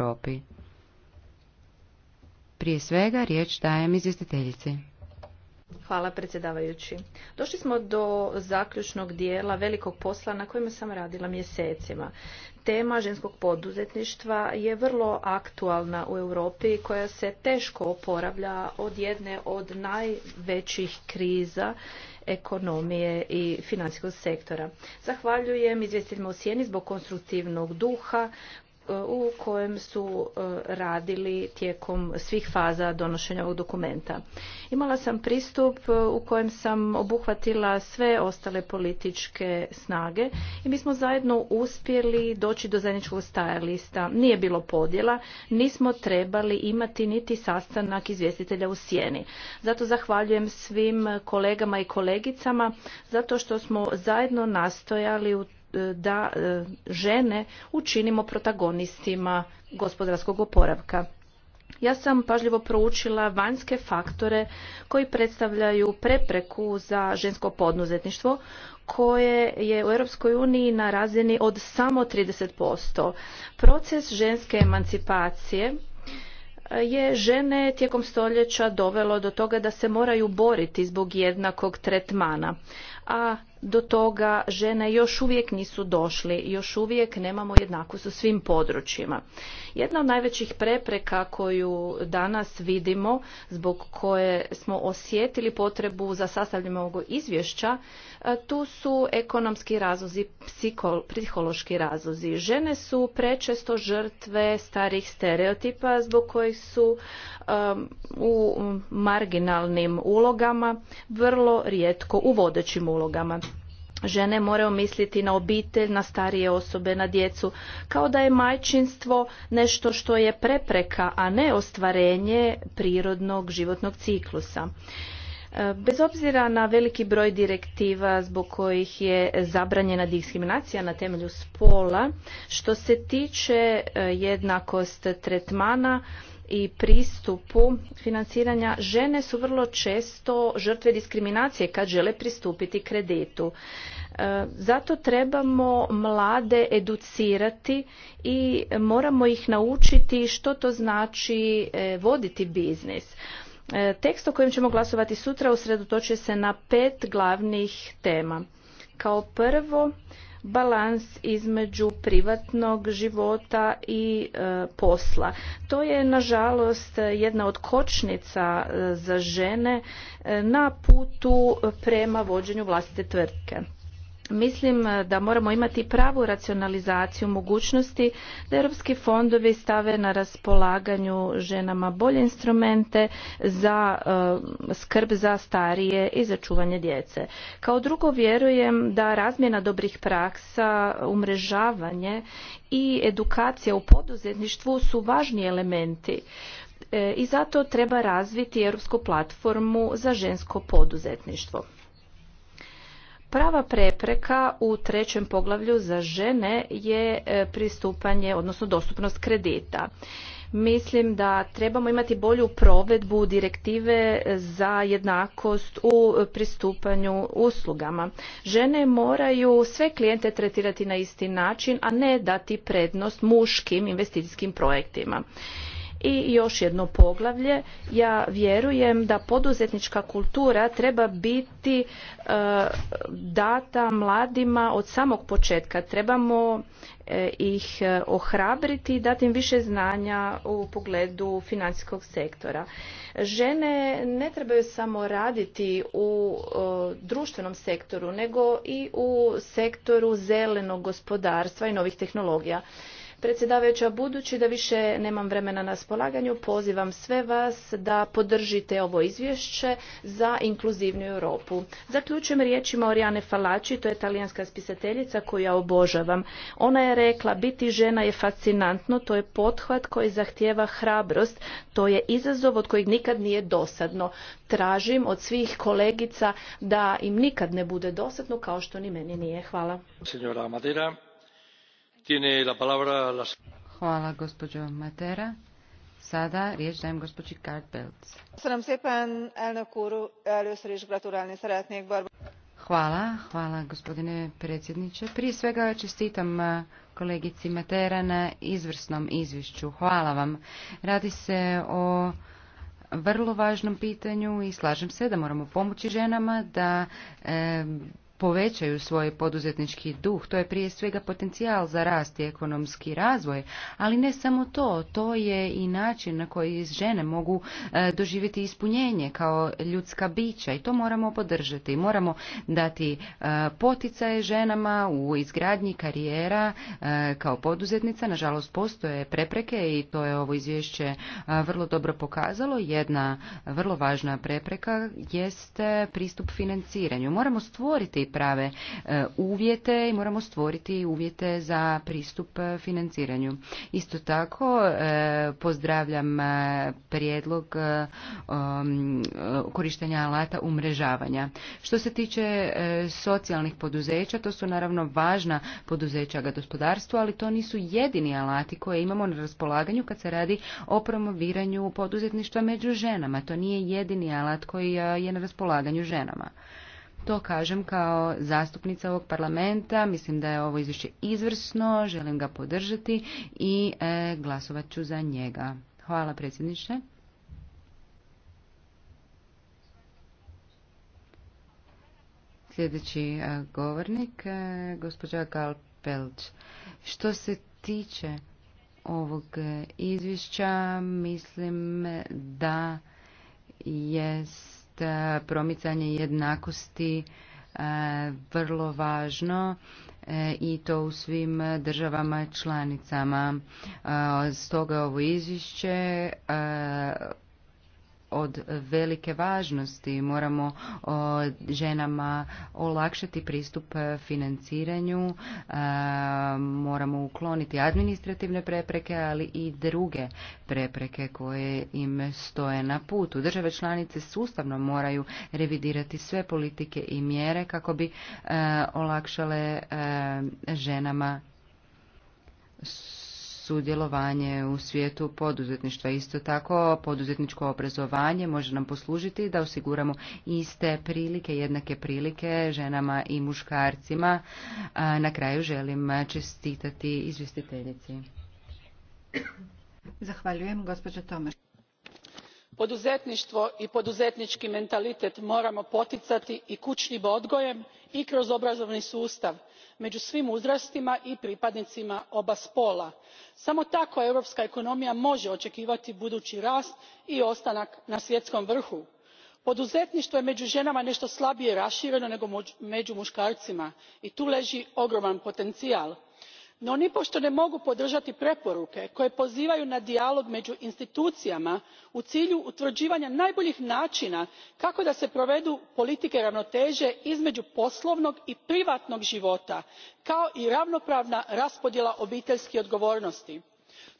Europi. Prije svega riječ dajem izvjestiteljici. Hvala predsjedavajući. Došli smo do zaključnog dijela velikog posla na kojima sam radila mjesecima. Tema ženskog poduzetništva je vrlo aktualna u Europi koja se teško oporavlja od jedne od najvećih kriza ekonomije i financijskog sektora. Zahvaljujem izvjestiteljima u sjeni zbog konstruktivnog duha u kojem su e, radili tijekom svih faza donošenja ovog dokumenta. Imala sam pristup e, u kojem sam obuhvatila sve ostale političke snage i mi smo zajedno uspjeli doći do zajedničkog stajalista. Nije bilo podjela, nismo trebali imati niti sastanak izvjestitelja u sjeni. Zato zahvaljujem svim kolegama i kolegicama zato što smo zajedno nastojali u da e, žene učinimo protagonistima gospodarskog oporavka. Ja sam pažljivo proučila vanjske faktore koji predstavljaju prepreku za žensko poduzetništvo koje je u Europskoj uniji na razini od samo 30%. Proces ženske emancipacije e, je žene tijekom stoljeća dovelo do toga da se moraju boriti zbog jednakog tretmana. A do toga žene još uvijek nisu došli, još uvijek nemamo jednakost u svim područjima. Jedna od najvećih prepreka koju danas vidimo, zbog koje smo osjetili potrebu za sastavljanjem ovog izvješća, e, tu su ekonomski razlozi, psihološki razlozi. Žene su prečesto žrtve starih stereotipa zbog kojih su e, u marginalnim ulogama, vrlo rijetko u vodećim ulogama žene moraju misliti na obitelj, na starije osobe, na djecu, kao da je majčinstvo nešto što je prepreka, a ne ostvarenje prirodnog životnog ciklusa. E, bez obzira na veliki broj direktiva zbog kojih je zabranjena diskriminacija na temelju spola, što se tiče e, jednakost tretmana, i pristupu financiranja žene su vrlo često žrtve diskriminacije kad žele pristupiti kreditu. E, zato trebamo mlade educirati i moramo ih naučiti što to znači e, voditi biznis. E, tekst o kojem ćemo glasovati sutra usredotočuje se na pet glavnih tema. Kao prvo, balans između privatnog života i e, posla. To je nažalost jedna od kočnica e, za žene e, na putu prema vođenju vlastite tvrtke. Mislim eh, da moramo imati pravu racionalizaciju mogućnosti da europski fondovi stave na raspolaganju ženama bolje instrumente za eh, skrb za starije i za čuvanje djece. Kao drugo vjerujem da razmjena dobrih praksa, umrežavanje i edukacija u poduzetništvu su važni elementi eh, i zato treba razviti europsku platformu za žensko poduzetništvo. Prava prepreka u trećem poglavlju za žene je e, pristupanje, odnosno dostupnost kredita. Mislim da trebamo imati bolju provedbu direktive e, za jednakost u pristupanju uslugama. Žene moraju sve klijente tretirati na isti način, a ne dati prednost muškim investicijskim projektima. I još jedno poglavlje, ja vjerujem da poduzetnička kultura treba biti e, data mladima od samog početka. Trebamo e, ih e, ohrabriti i dati im više znanja u pogledu financijskog sektora. Žene ne trebaju samo raditi u društvenom sektoru, nego i u sektoru zelenog gospodarstva i novih tehnologija. Predsjedavajuća, budući da više nemam vremena na spolaganju, pozivam sve vas da podržite ovo izvješće za inkluzivnu Europu. Zaključujem riječima oriane Falači, to je talijanska spisateljica koju ja obožavam. Ona je rekla, biti žena je fascinantno, to je pothvat koji zahtjeva hrabrost, to je izazov od kojeg nikad nije dosadno. Tražim od svih kolegica da im nikad ne bude dosadno kao što ni meni nije. Hvala. Hvala gospođo Matera. Sada riječ dajem gospođi Barbara. Hvala, hvala gospodine predsjedniče. Prije svega čestitam eh, kolegici Matera na izvrsnom izvješću. Hvala vam. Radi se o vrlo važnom pitanju i slažem se da moramo pomoći ženama da eh, povećaju svoj poduzetnički duh. To je prije svega potencijal za rast i ekonomski razvoj, ali ne samo to, to je i način na koji žene mogu e, doživjeti ispunjenje kao ljudska bića i to moramo podržati. Moramo dati e, poticaje ženama u izgradnji karijera e, kao poduzetnica. Nažalost, postoje prepreke i to je ovo izvješće vrlo dobro pokazalo. Jedna vrlo važna prepreka jeste pristup financiranju. Moramo stvoriti prave e, uvjete i moramo stvoriti uvjete za pristup e, financiranju. Isto tako e, pozdravljam prijedlog um, korištenja alata umrežavanja. Što se tiče socijalnih poduzeća, to su naravno važna poduzeća gospodarstva, ali to nisu jedini alati koje imamo na raspolaganju kad se radi o promoviranju poduzetništva među ženama. To nije jedini alat koji je na raspolaganju ženama to kažem kao zastupnica ovog parlamenta. Mislim da je ovo izvješće izvrsno, želim ga podržati i e, glasovat ću za njega. Hvala predsjedniče. Sljedeći e, govornik, e, gospođa Pelč Što se tiče ovog e, izvješća, mislim da je E, promicanje jednakosti e, vrlo važno e, i to u svim državama članicama. Stoga ovo izvješće od velike važnosti. Moramo ženama olakšati pristup financiranju, e, moramo ukloniti administrativne prepreke, ali i druge prepreke koje im stoje na putu. Države članice sustavno moraju revidirati sve politike i mjere kako bi e, olakšale e, ženama sudjelovanje u svijetu poduzetništva. Isto tako, poduzetničko obrazovanje može nam poslužiti da osiguramo iste prilike, jednake prilike ženama i muškarcima. Na kraju želim čestitati izvjestiteljici. Zahvaljujem, gospođa Tomaš. Poduzetništvo i poduzetnički mentalitet moramo poticati i kućnim odgojem i kroz obrazovni sustav među svim uzrastima i pripadnicima oba spola. samo tako europska ekonomija može očekivati budući rast i ostanak na svjetskom vrhu. poduzetništvo je među ženama nešto slabije rašireno nego među muškarcima i tu leži ogroman potencijal no nipošto ne mogu podržati preporuke koje pozivaju na dijalog među institucijama u cilju utvrđivanja najboljih načina kako da se provedu politike ravnoteže između poslovnog i privatnog života kao i ravnopravna raspodjela obiteljskih odgovornosti.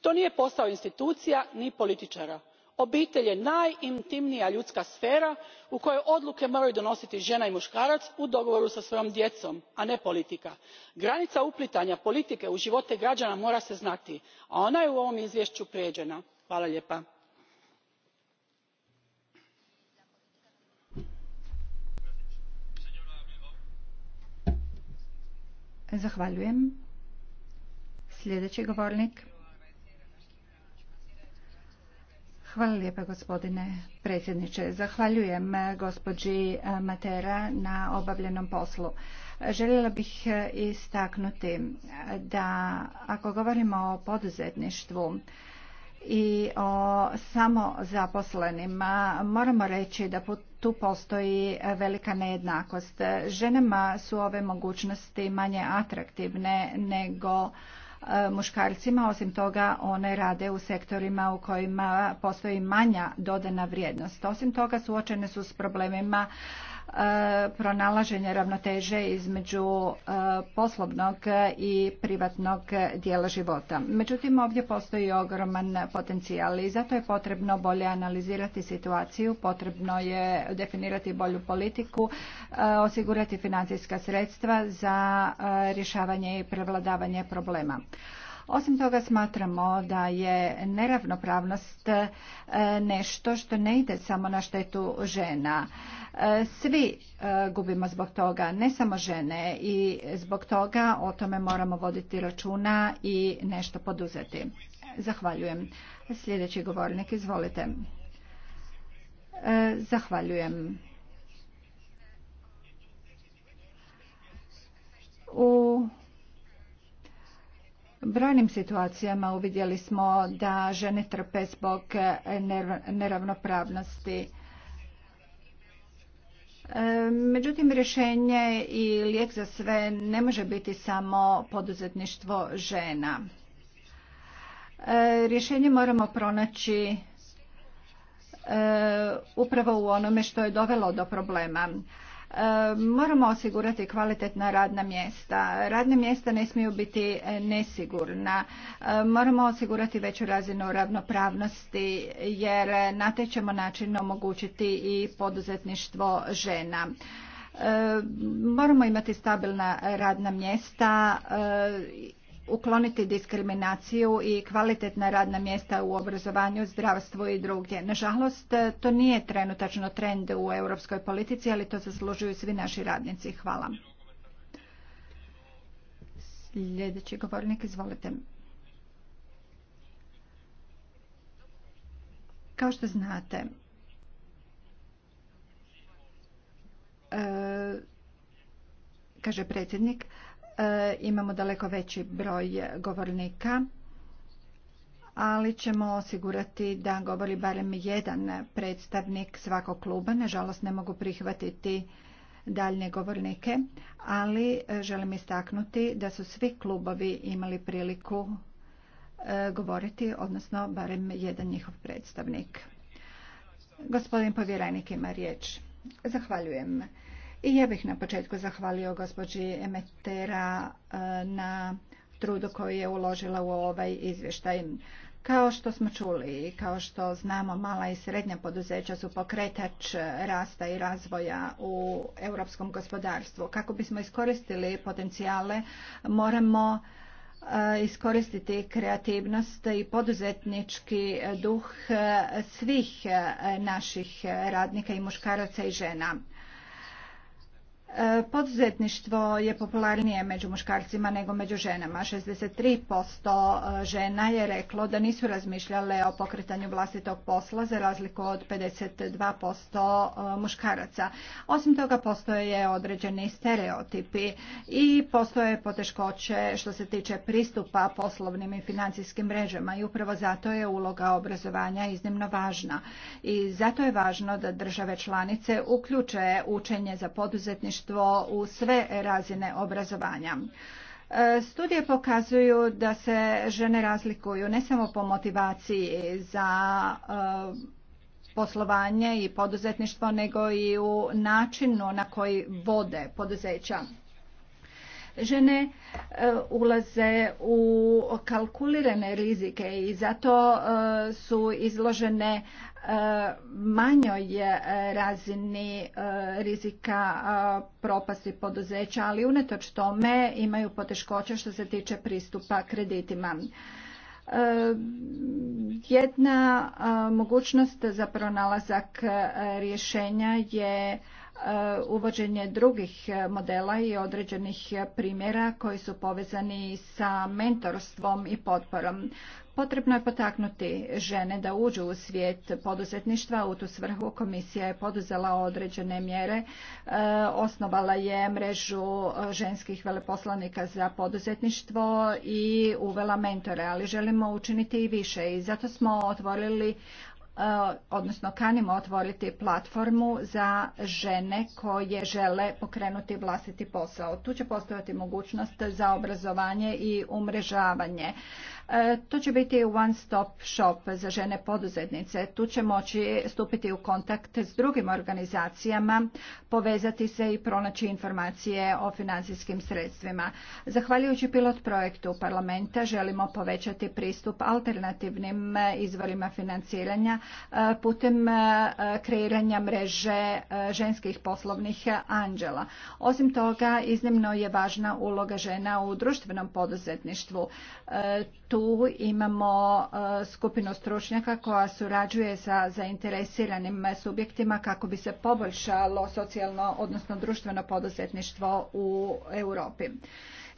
to nije posao institucija ni političara obitelj je najintimnija ljudska sfera u kojoj odluke moraju donositi žena i muškarac u dogovoru sa svojom djecom a ne politika. granica uplitanja politike u živote građana mora se znati a ona je u ovom izvješću prijeđena. Hvala lijepa gospodine predsjedniče. Zahvaljujem eh, gospođi eh, Matera na obavljenom poslu. Željela bih eh, istaknuti da ako govorimo o poduzetništvu i o samozaposlenima moramo reći da tu postoji velika nejednakost. Ženama su ove mogućnosti manje atraktivne nego E, muškarcima. Osim toga, one rade u sektorima u kojima postoji manja dodana vrijednost. Osim toga, suočene su s problemima E, pronalaženje ravnoteže između e, poslovnog i privatnog dijela života. Međutim, ovdje postoji ogroman potencijal i zato je potrebno bolje analizirati situaciju, potrebno je definirati bolju politiku, e, osigurati financijska sredstva za rješavanje i prevladavanje problema. Osim toga smatramo da je neravnopravnost e, nešto što ne ide samo na štetu žena. E, svi e, gubimo zbog toga, ne samo žene i zbog toga o tome moramo voditi računa i nešto poduzeti. Zahvaljujem. Sljedeći govornik, izvolite. Zahvaljujem. U brojnim situacijama uvidjeli smo da žene trpe zbog neravnopravnosti. E, međutim, rješenje i lijek za sve ne može biti samo poduzetništvo žena. E, rješenje moramo pronaći e, upravo u onome što je dovelo do problema. E, moramo osigurati kvalitetna radna mjesta. Radna mjesta ne smiju biti e, nesigurna. E, moramo osigurati veću razinu ravnopravnosti jer na te ćemo način omogućiti i poduzetništvo žena. Moramo imati stabilna radna mjesta ukloniti diskriminaciju i kvalitetna radna mjesta u obrazovanju, zdravstvu i drugdje. Nažalost, to nije trenutačno trend u europskoj politici, ali to zaslužuju svi naši radnici. Hvala. Sljedeći govornik, izvolite. Kao što znate, e, kaže predsjednik, E, imamo daleko veći broj govornika, ali ćemo osigurati da govori barem jedan predstavnik svakog kluba. Nažalost ne mogu prihvatiti daljne govornike, ali e, želim istaknuti da su svi klubovi imali priliku e, govoriti, odnosno barem jedan njihov predstavnik. Gospodin povjerenik ima riječ. Zahvaljujem. I ja bih na početku zahvalio gospođi Emetera e, na trudu koji je uložila u ovaj izvještaj. Kao što smo čuli i kao što znamo, mala i srednja poduzeća su pokretač rasta i razvoja u europskom gospodarstvu. Kako bismo iskoristili potencijale, moramo e, iskoristiti kreativnost i poduzetnički duh e, svih naših radnika i muškaraca i žena. Poduzetništvo je popularnije među muškarcima nego među ženama. 63% e, žena je reklo da nisu razmišljale o pokretanju vlastitog posla za razliku od 52% e, muškaraca. Osim toga postoje određeni stereotipi i postoje poteškoće što se tiče pristupa poslovnim i financijskim mrežama i upravo zato je uloga obrazovanja iznimno važna. I zato je važno da države članice uključe učenje za poduzetništvo u sve razine obrazovanja. E, studije pokazuju da se žene razlikuju ne samo po motivaciji za e, poslovanje i poduzetništvo, nego i u načinu na koji vode poduzeća žene e, ulaze u kalkulirane rizike i zato e, su izložene e, manjoj razini rizika propasti poduzeća, ali unatoč tome imaju poteškoće što se tiče pristupa kreditima. Jedna mogućnost za pronalazak rješenja je Eh, uvođenje drugih eh, modela i određenih eh, primjera koji su povezani sa mentorstvom i potporom. Potrebno je potaknuti žene da uđu u svijet poduzetništva. U tu svrhu komisija je poduzela određene mjere. Osnovala je mrežu ženskih veleposlanika za poduzetništvo i uvela mentore, ali želimo učiniti i više. I zato smo otvorili E, odnosno kanimo otvoriti platformu za žene koje žele pokrenuti vlastiti posao. Tu će postojati mogućnost za obrazovanje i umrežavanje. E, to će biti one stop shop za žene poduzetnice. Tu će moći stupiti u kontakt s drugim organizacijama, povezati se i pronaći informacije o financijskim sredstvima. Zahvaljujući pilot projektu parlamenta želimo povećati pristup alternativnim izvorima financiranja Eh, putem eh, kreiranja mreže eh, ženskih poslovnih anđela. Osim toga, iznimno je važna uloga žena u društvenom poduzetništvu. Tu imamo skupinu stručnjaka koja surađuje sa zainteresiranim subjektima kako bi se poboljšalo socijalno, odnosno društveno poduzetništvo u Europi.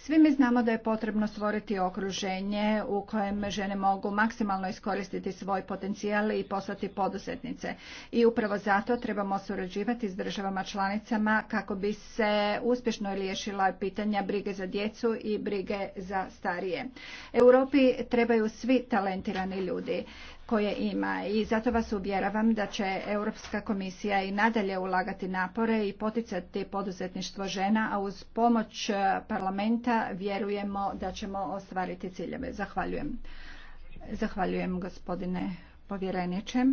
Svi mi znamo da je potrebno stvoriti okruženje u kojem žene mogu maksimalno iskoristiti svoj potencijal i postati poduzetnice. I upravo zato trebamo surađivati s državama članicama kako bi se uspješno riješila pitanja brige za djecu i brige za starije. Europi trebaju svi talentirani ljudi koje ima i zato vas uvjeravam da će Europska komisija i nadalje ulagati napore i poticati poduzetništvo žena, a uz pomoć e, parlamenta vjerujemo da ćemo ostvariti ciljeve. Zahvaljujem. Zahvaljujem gospodine povjereniče.